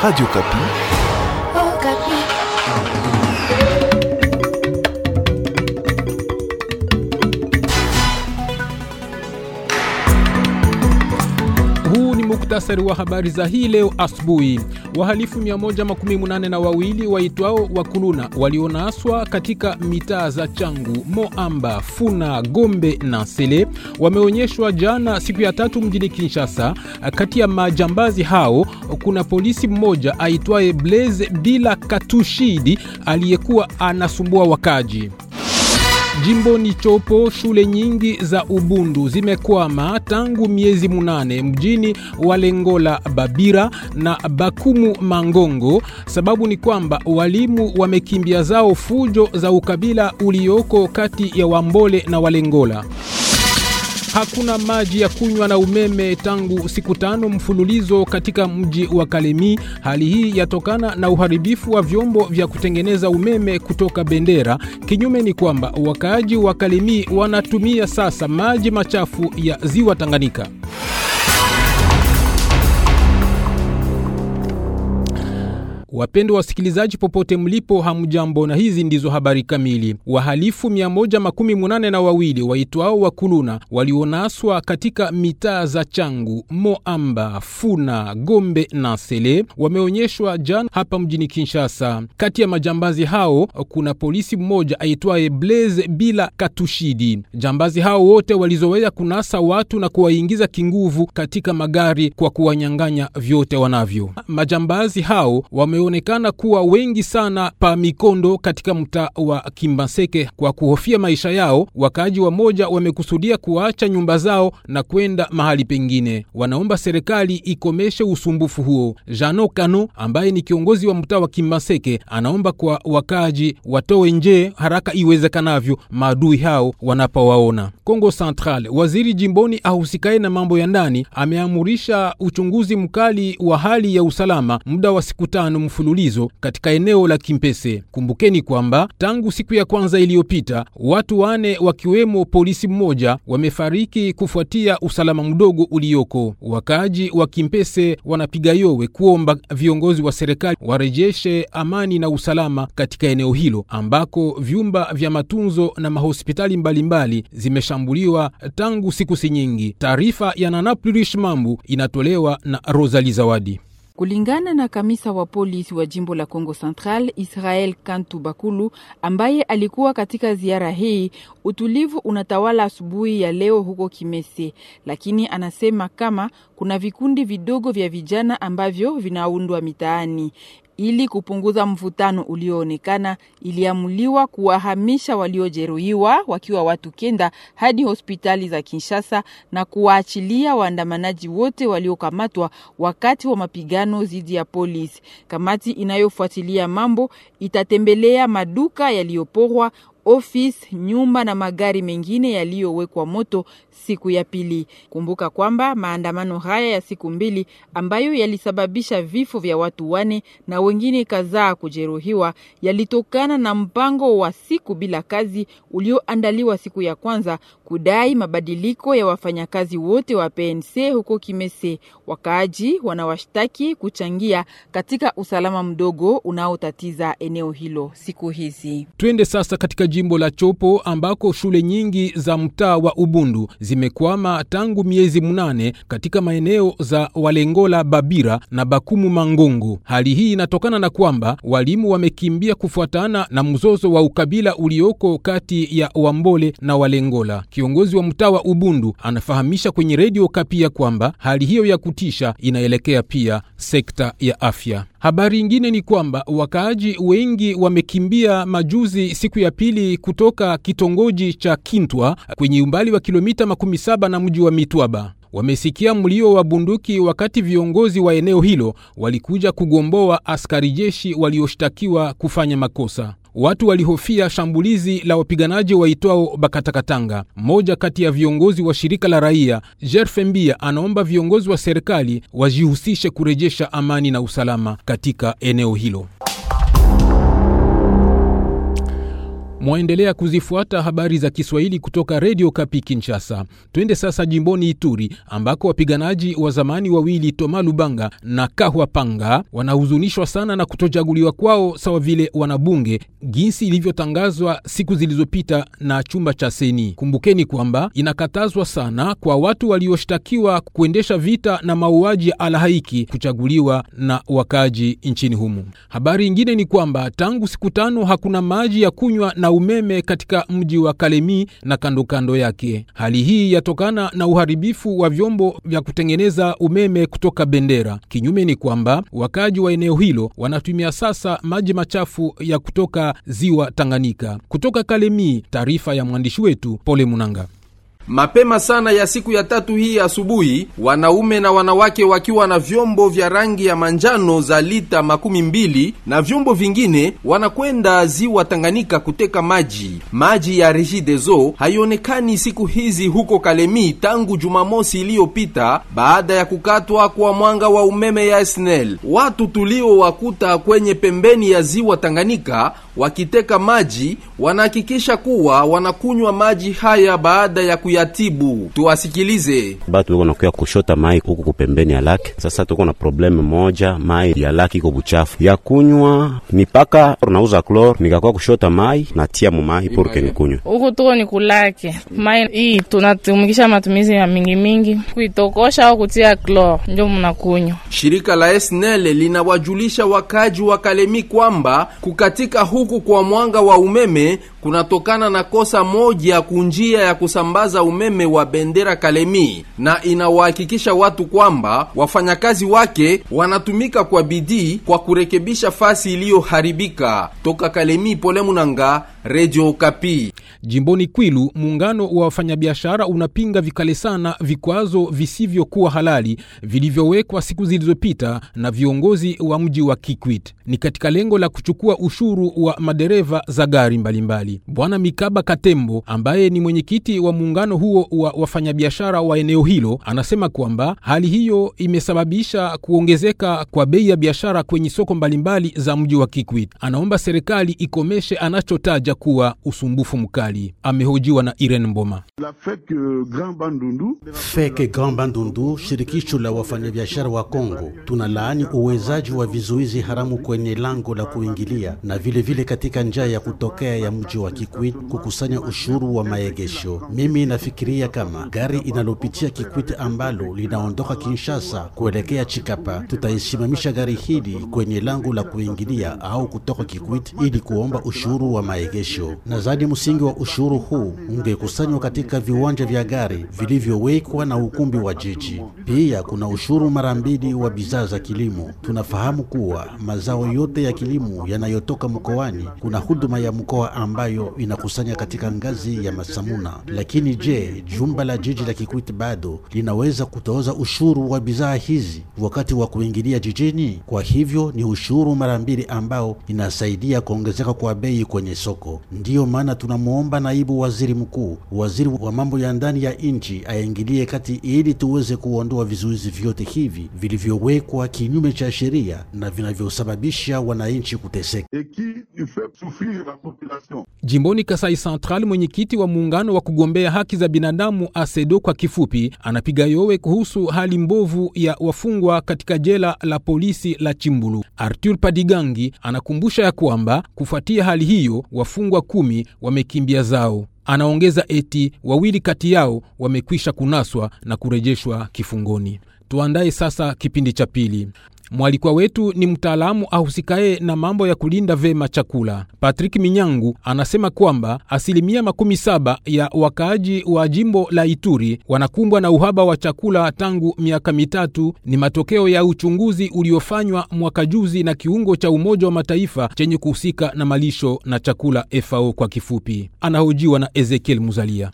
Radio Kapi. Oh, Kapi. Huu ni muktasari wa habari za hii leo asubuhi. Wahalifu 118 na wawili waitwao wakuluna walionaswa katika mitaa za Changu, Moamba, Funa, Gombe na Sele wameonyeshwa jana siku ya tatu mjini Kinshasa. Kati ya majambazi hao kuna polisi mmoja aitwaye blaze Bila Katushidi aliyekuwa anasumbua wakaji. Jimboni Chopo shule nyingi za Ubundu zimekwama tangu miezi munane mjini Walengola Babira na Bakumu Mangongo. Sababu ni kwamba walimu wamekimbia zao fujo za ukabila ulioko kati ya Wambole na Walengola hakuna maji ya kunywa na umeme tangu siku tano mfululizo katika mji wa Kalemi. Hali hii yatokana na uharibifu wa vyombo vya kutengeneza umeme kutoka Bendera. Kinyume ni kwamba wakaaji wa Kalemi wanatumia sasa maji machafu ya ziwa Tanganyika. Wapendwa wasikilizaji, popote mlipo, hamjambo, na hizi ndizo habari kamili. Wahalifu mia moja makumi munane na wawili waitwao wakuluna walionaswa katika mitaa za Changu, Moamba, Funa, Gombe na Sele wameonyeshwa jana hapa mjini Kinshasa. Kati ya majambazi hao kuna polisi mmoja aitwaye Blaise Bila Katushidi. Jambazi hao wote walizoweza kunasa watu na kuwaingiza kinguvu katika magari kwa kuwanyang'anya vyote wanavyo. Majambazi hao wame walionekana kuwa wengi sana pa Mikondo katika mtaa wa Kimbaseke. Kwa kuhofia maisha yao, wakaaji wa moja wamekusudia kuacha nyumba zao na kwenda mahali pengine. Wanaomba serikali ikomeshe usumbufu huo. Jano Kano ambaye ni kiongozi wa mtaa wa Kimbaseke anaomba kwa wakaaji watowe nje haraka iwezekanavyo maadui hao wanapowaona. Kongo Central, waziri jimboni ahusikaye na mambo ya ndani ameamurisha uchunguzi mkali wa hali ya usalama muda wa siku tano mfululizo katika eneo la Kimpese. Kumbukeni kwamba tangu siku ya kwanza iliyopita watu wane wakiwemo polisi mmoja wamefariki kufuatia usalama mdogo ulioko. Wakaji wa Kimpese wanapiga yowe kuomba viongozi wa serikali warejeshe amani na usalama katika eneo hilo ambako vyumba vya matunzo na mahospitali mbalimbali zimeshambuliwa tangu siku si nyingi. Taarifa ya nanaplurish Mambu inatolewa na Rosali Zawadi. Kulingana na kamisa wa polisi wa jimbo la congo Central Israel Kantu Bakulu, ambaye alikuwa katika ziara hii, utulivu unatawala asubuhi ya leo huko Kimese, lakini anasema kama kuna vikundi vidogo vya vijana ambavyo vinaundwa mitaani. Ili kupunguza mvutano ulioonekana, iliamuliwa kuwahamisha waliojeruhiwa wakiwa watu kenda hadi hospitali za Kinshasa na kuwaachilia waandamanaji wote waliokamatwa wakati wa mapigano dhidi ya polisi. Kamati inayofuatilia mambo itatembelea maduka yaliyoporwa ofisi, nyumba na magari mengine yaliyowekwa moto siku ya pili. Kumbuka kwamba maandamano haya ya siku mbili ambayo yalisababisha vifo vya watu wane na wengine kadhaa kujeruhiwa yalitokana na mpango wa siku bila kazi ulioandaliwa siku ya kwanza kudai mabadiliko ya wafanyakazi wote wa PNC huko Kimese. Wakaaji wanawashtaki kuchangia katika usalama mdogo unaotatiza eneo hilo siku hizi. Twende sasa katika jimbo la Chopo ambako shule nyingi za mtaa wa Ubundu zimekwama tangu miezi mnane katika maeneo za Walengola Babira na Bakumu Mangongo. Hali hii inatokana na kwamba walimu wamekimbia kufuatana na mzozo wa ukabila ulioko kati ya Wambole na Walengola. Kiongozi wa mtaa wa Ubundu anafahamisha kwenye redio Kapia kwamba hali hiyo ya kutisha inaelekea pia sekta ya afya. Habari ingine ni kwamba wakaaji wengi wamekimbia majuzi siku ya pili kutoka kitongoji cha Kintwa kwenye umbali wa kilomita makumi saba na mji wa Mitwaba wamesikia mlio wa bunduki wakati viongozi wa eneo hilo walikuja kugomboa askari jeshi walioshtakiwa kufanya makosa. Watu walihofia shambulizi la wapiganaji waitwao Bakatakatanga. Mmoja kati ya viongozi wa shirika la raia Jerfe Mbia anaomba viongozi wa serikali wajihusishe kurejesha amani na usalama katika eneo hilo. Mwaendelea kuzifuata habari za Kiswahili kutoka redio Kapi Kinshasa. Twende sasa jimboni Ituri ambako wapiganaji wa zamani wawili Toma Lubanga na Kahwa Panga wanahuzunishwa sana na kutochaguliwa kwao sawa vile wanabunge, jinsi ilivyotangazwa siku zilizopita na chumba cha Seni. Kumbukeni kwamba inakatazwa sana kwa watu walioshtakiwa kuendesha vita na mauaji ya alahaiki kuchaguliwa na wakaji nchini humo. Habari ingine ni kwamba tangu siku tano hakuna maji ya kunywa na na umeme katika mji wa Kalemi na kando kando yake. Hali hii yatokana na uharibifu wa vyombo vya kutengeneza umeme kutoka Bendera. Kinyume ni kwamba wakaji wa eneo hilo wanatumia sasa maji machafu ya kutoka ziwa Tanganyika. Kutoka Kalemi, taarifa ya mwandishi wetu Pole Munanga. Mapema sana ya siku ya tatu hii asubuhi, wanaume na wanawake wakiwa na vyombo vya rangi ya manjano za lita makumi mbili na vyombo vingine wanakwenda ziwa Tanganyika kuteka maji. Maji ya Regideso haionekani siku hizi huko Kalemi tangu Jumamosi iliyopita baada ya kukatwa kwa mwanga wa umeme ya SNEL. Watu tuliowakuta kwenye pembeni ya ziwa Tanganyika wakiteka maji wanahakikisha kuwa wanakunywa maji haya baada ya kuya kuyatibu. tuwasikilize. ba tuko na kuya kushota mai kuku kupembeni ya lake. Sasa tuko na probleme moja, mai ya lake iko buchafu ya kunywa, mipaka unauza klor, nikakuwa kushota mai natia mumai purke nikunywe huku tuko ni kulake mai hii tunatumikisha matumizi ya mingi mingi, kuitokosha au kutia klor ndio mnakunywa. Shirika la SNEL linawajulisha wakaji wa Kalemi kwamba kukatika huku kwa mwanga wa umeme kunatokana na kosa moja kunjia ya kusambaza umeme wa Bendera Kalemi, na inawahakikisha watu kwamba wafanyakazi wake wanatumika kwa bidii kwa kurekebisha fasi iliyoharibika. Toka Kalemi, Pole Munanga, Radio Kapi. Jimboni Kwilu, muungano wa wafanyabiashara unapinga vikali sana vikwazo visivyokuwa halali vilivyowekwa siku zilizopita na viongozi wa mji wa Kikwit. Ni katika lengo la kuchukua ushuru wa madereva za gari mbalimbali. Bwana Mikaba Katembo ambaye ni mwenyekiti wa muungano huo wa wafanyabiashara wa eneo hilo anasema kwamba hali hiyo imesababisha kuongezeka kwa bei ya biashara kwenye soko mbalimbali za mji wa Kikwit. Anaomba serikali ikomeshe anachotaja kuwa usumbufu mkali. Amehojiwa na Irene Mboma. Feke euh, Grand Bandundu, shirikisho la wafanyabiashara wa Kongo, tunalaani uwezaji wa vizuizi haramu kwenye lango la kuingilia na vilevile vile katika njia ya kutokea ya mji wa Kikwit kukusanya ushuru wa maegesho. Mimi nafikiria kama gari inalopitia Kikwit ambalo linaondoka Kinshasa kuelekea Chikapa, tutaisimamisha gari hili kwenye lango la kuingilia au kutoka Kikwit ili kuomba ushuru wa maegesho kesho. Nadhani msingi wa ushuru huu ungekusanywa katika viwanja vya gari vilivyowekwa na ukumbi wa jiji. Pia kuna ushuru mara mbili wa bidhaa za kilimo. Tunafahamu kuwa mazao yote ya kilimo yanayotoka mkoani, kuna huduma ya mkoa ambayo inakusanya katika ngazi ya masamuna. Lakini je, jumba la jiji la Kikwit bado linaweza kutoza ushuru wa bidhaa hizi wakati wa kuingilia jijini? Kwa hivyo ni ushuru mara mbili ambao inasaidia kuongezeka kwa bei kwenye soko yako. Ndiyo maana tunamwomba naibu waziri mkuu, waziri wa mambo ya ndani ya nchi aingilie kati ili tuweze kuondoa vizuizi vyote hivi vilivyowekwa kinyume cha sheria na vinavyosababisha wananchi kuteseka. Jimboni Kasai Central, mwenyekiti wa muungano wa kugombea haki za binadamu ASEDO kwa kifupi, anapiga yowe kuhusu hali mbovu ya wafungwa katika jela la polisi la Chimbulu. Arthur Padigangi anakumbusha ya kwamba kufuatia hali hiyo wafungwa wafungwa kumi wamekimbia zao. Anaongeza eti wawili kati yao wamekwisha kunaswa na kurejeshwa kifungoni. Tuandaye sasa kipindi cha pili. Mwalikwa wetu ni mtaalamu ahusikaye na mambo ya kulinda vema chakula. Patrick Minyangu anasema kwamba asilimia makumi saba ya wakaaji wa jimbo la Ituri wanakumbwa na uhaba wa chakula tangu miaka mitatu. Ni matokeo ya uchunguzi uliofanywa mwaka juzi na kiungo cha Umoja wa Mataifa chenye kuhusika na malisho na chakula, FAO kwa kifupi. Anahojiwa na Ezekiel Muzalia.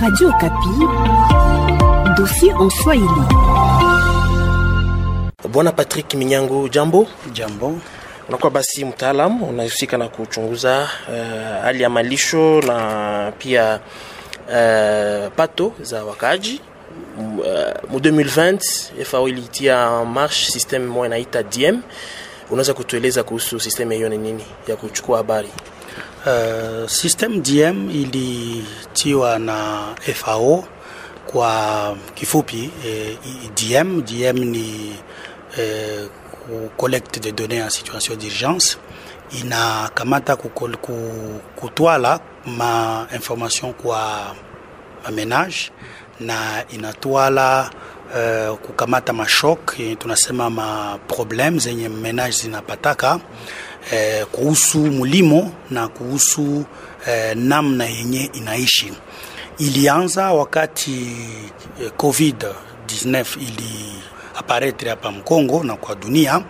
Radio Kapi. Dossier en Swahili. Bwana Patrick Minyangu, jambo. Jambo. Unakuwa basi mtaalam unahusika na kuchunguza uh, hali ya malisho na pia uh, pato za wakaji eh, mu 2020 FAO ilitia marche system moja inaita DM. Unaweza kutueleza kuhusu system hiyo ni nini ya kuchukua habari? Uh, system DM ilitiwa na FAO kwa kifupi eh, DM, DM ni eh, collecte de données en situation d'urgence inakamata kutwala ma information kwa mamenage na inatwala uh, kukamata mashok eh, tunasema ma problem zenye menage zinapataka uh, kuhusu mulimo na kuhusu uh, namna yenye inaishi ilianza wakati eh, COVID-19 ili aparetre hapa Mkongo na kwa dunia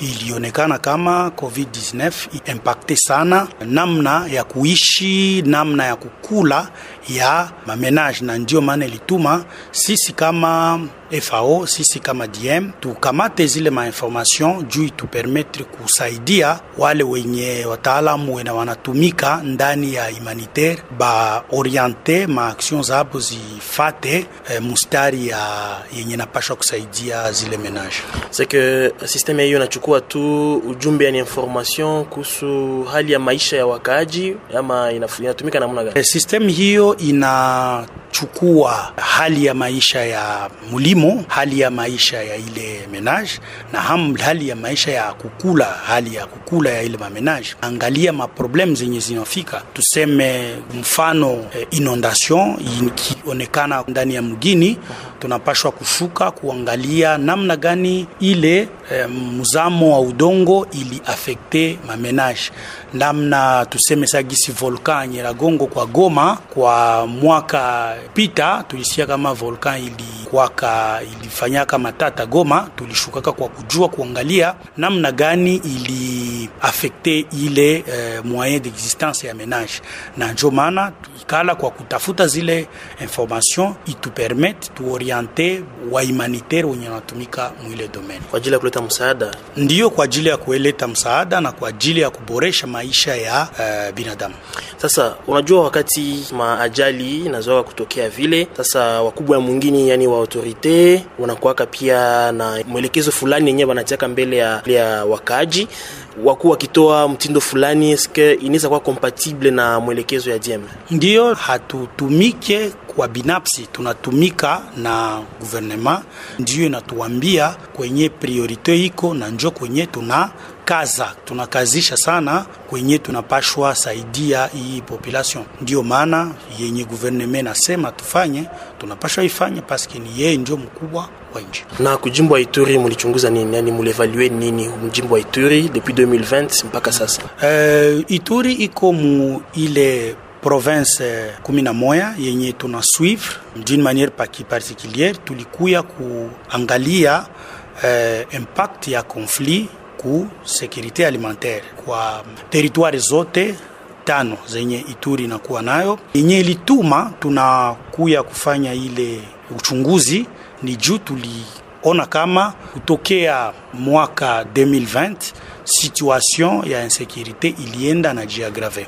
ilionekana kama COVID-19 impacte sana namna ya kuishi, namna ya kukula ya mamenage, na ndio maana ilituma sisi kama FAO, sisi kama DM tukamate zile mainformation juu itupermettre kusaidia wale wenye wataalamu wena wanatumika ndani ya humanitaire ma ma zabo zifate eh, mustari ya yenye napashwa kusaidia zile menage. C'est que système hiyo inakuwa tu ujumbe yani information kuhusu hali ya maisha ya wakaaji ama inatumika namna gani? Eh, system hiyo ina chukua hali ya maisha ya mlimo, hali ya maisha ya ile menage na hali ya maisha ya kukula, hali ya kukula ya ile mamenage. Angalia maproblem zenye zinafika, tuseme mfano eh, inondation ikionekana ndani ya mgini, tunapashwa kushuka kuangalia namna gani ile eh, mzamo wa udongo ili afekte mamenage, namna tuseme sagisi volkan Nyiragongo kwa Goma kwa mwaka pita tulisikia kama volkan ilikwaka ilifanyaka matata Goma, tulishukaka kwa kujua kuangalia namna gani iliafekte ile uh, moyen d'existence ya menage, na njo maana ikala kwa kutafuta zile information itupermete tuoriente wa humanitaire wenye wanatumika mwile domaine kwa ajili ya kuleta msaada, ndiyo kwa ajili ya kuleta msaada na kwa ajili ya kuboresha maisha ya uh, binadamu. Sasa unajua wakati maajali nazoa kuto kutokea vile. Sasa wakubwa mwingine, yani wa autorite wanakuwaka pia na mwelekezo fulani yenye wanachaka mbele ya, ya wakaji wakuwa wakitoa mtindo fulani, eske inaweza kuwa kompatible na mwelekezo ya jem? Ndiyo hatutumike kwa binafsi, tunatumika na guvernema, ndiyo inatuambia kwenye priorite iko na njo kwenye tuna tunakaza tunakazisha sana kwenye tunapashwa saidia hii population. Ndio maana yenye guverneme nasema tufanye, tunapashwa ifanye paske ni yeye ndio mkubwa wa nchi. Na kujimbo wa Ituri mulichunguza nini, yani mulevalue nini mjimbo wa Ituri depuis 2020 mpaka sasa? Uh, Ituri iko mu ile province kumi na moya yenye tuna suivre d'une manière particulière, tulikuya kuangalia uh, impact ya conflit ku security alimentaire kwa territoire zote tano zenye Ituri inakuwa nayo, yenye ilituma tunakuya kufanya ile uchunguzi ni juu tuliona kama kutokea mwaka 2020 situation ya insekurite ilienda na jiagrave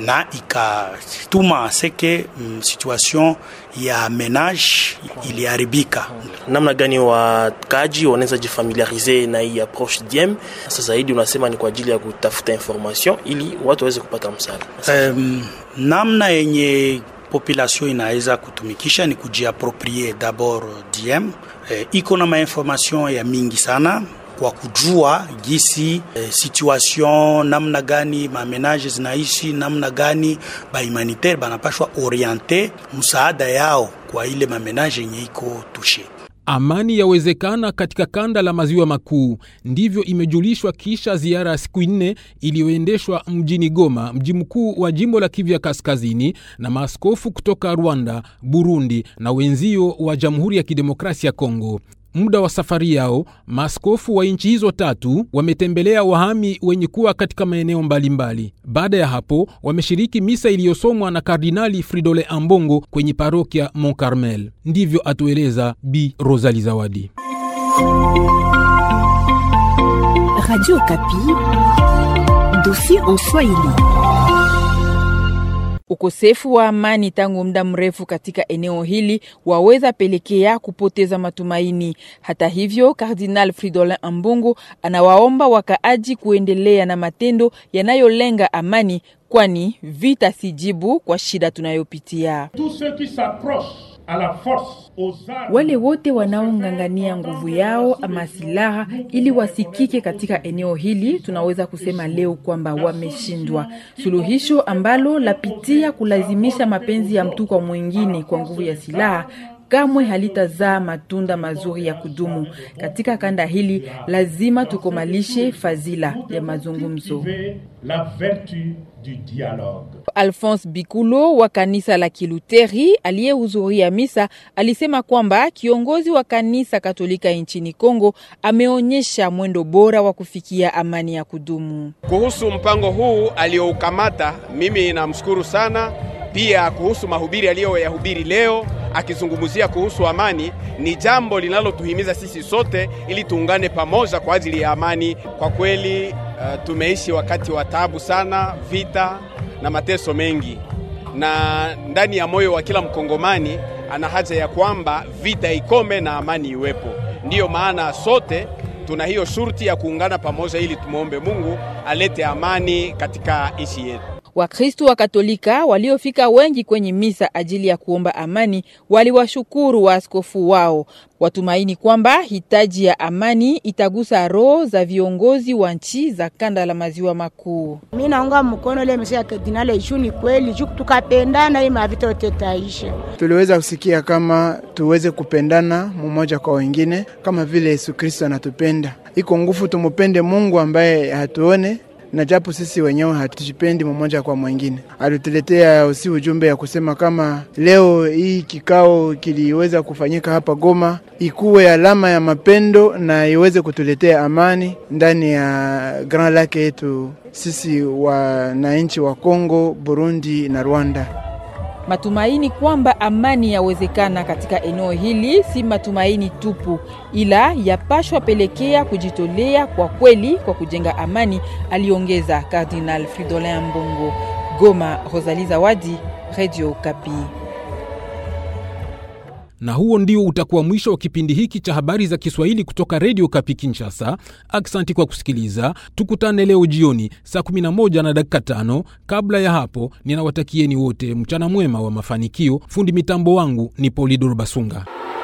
na ikatuma seke mm, situation ya menage iliharibika. Namna gani wakaji wanaweza jifamiliarize na hii approche diem? Sasa zaidi unasema ni kwa ajili ya kutafuta information ili watu waweze kupata msaada. Um, namna yenye population inaweza kutumikisha ni kujiaproprie d'abord diem. E, eh, iko na mainformation ya mingi sana kwa kujua gisi e, eh, situation namna gani mamenaje zinaishi namna gani bahumanitaire banapashwa oriente msaada yao kwa ile mamenage yenye iko tushe. Amani yawezekana katika kanda la maziwa makuu, ndivyo imejulishwa kisha ziara ya siku nne iliyoendeshwa mjini Goma, mji mkuu wa jimbo la Kivu ya Kaskazini, na maaskofu kutoka Rwanda, Burundi na wenzio wa Jamhuri ya Kidemokrasia ya Kongo. Muda wa safari yao, maaskofu wa nchi hizo tatu wametembelea wahami wenye kuwa katika maeneo mbalimbali. Baada ya hapo, wameshiriki misa iliyosomwa na Kardinali Fridole Ambongo kwenye parokia Mont Carmel. Ndivyo atueleza Bi Rosali Zawadi. Radio Kapi, en Swahili. Ukosefu wa amani tangu muda mrefu katika eneo hili waweza pelekea kupoteza matumaini. Hata hivyo, Kardinal Fridolin Ambungu anawaomba wakaaji kuendelea na matendo yanayolenga amani, kwani vita si jibu kwa shida tunayopitia wale wote wanaong'ang'ania nguvu yao ama silaha ili wasikike katika eneo hili, tunaweza kusema leo kwamba wameshindwa. Suluhisho ambalo lapitia kulazimisha mapenzi ya mtu kwa mwingine kwa nguvu ya silaha kamwe halitazaa matunda mazuri ya kudumu katika kanda hili. Lazima tukomalishe fadhila ya mazungumzo. Alphonse Bikulo wa kanisa la Kiluteri aliyehudhuria misa alisema kwamba kiongozi wa kanisa Katolika nchini Kongo ameonyesha mwendo bora wa kufikia amani ya kudumu. Kuhusu mpango huu aliyoukamata, mimi namshukuru sana pia kuhusu mahubiri aliyoyahubiri leo akizungumzia kuhusu amani, ni jambo linalotuhimiza sisi sote ili tuungane pamoja kwa ajili ya amani. Kwa kweli, uh, tumeishi wakati wa taabu sana, vita na mateso mengi, na ndani ya moyo wa kila mkongomani ana haja ya kwamba vita ikome na amani iwepo. Ndiyo maana sote tuna hiyo shurti ya kuungana pamoja ili tumwombe Mungu alete amani katika nchi yetu wakristu wa Katolika waliofika wengi kwenye misa ajili ya kuomba amani waliwashukuru waaskofu wao, watumaini kwamba hitaji ya amani itagusa roho za viongozi wa nchi za kanda la maziwa makuu. mi naunga mkono ile mesa ya Kardinali juu ni kweli, juu tukapendana hii mavita yote Tuliweza kusikia kama tuweze kupendana mmoja kwa wengine kama vile Yesu Kristo anatupenda. Iko nguvu tumupende Mungu ambaye hatuone na japo sisi wenyewe hatujipendi mmoja kwa mwingine. Alituletea usi ujumbe ya kusema kama leo hii kikao kiliweza kufanyika hapa Goma ikuwe alama ya mapendo na iweze kutuletea amani ndani ya Grand Lake yetu sisi wananchi wa Kongo, Burundi na Rwanda matumaini kwamba amani yawezekana katika eneo hili si matumaini tupu, ila yapashwa pelekea kujitolea kwa kweli kwa kujenga amani, aliongeza Kardinal Fridolin Mbongo. Goma, Rosalie Zawadi, Radio Kapi. Na huo ndio utakuwa mwisho wa kipindi hiki cha habari za Kiswahili kutoka redio Kapi Kinshasa. Aksanti kwa kusikiliza, tukutane leo jioni saa 11 na dakika tano. Kabla ya hapo, ninawatakieni wote mchana mwema wa mafanikio. Fundi mitambo wangu ni Polidor Basunga.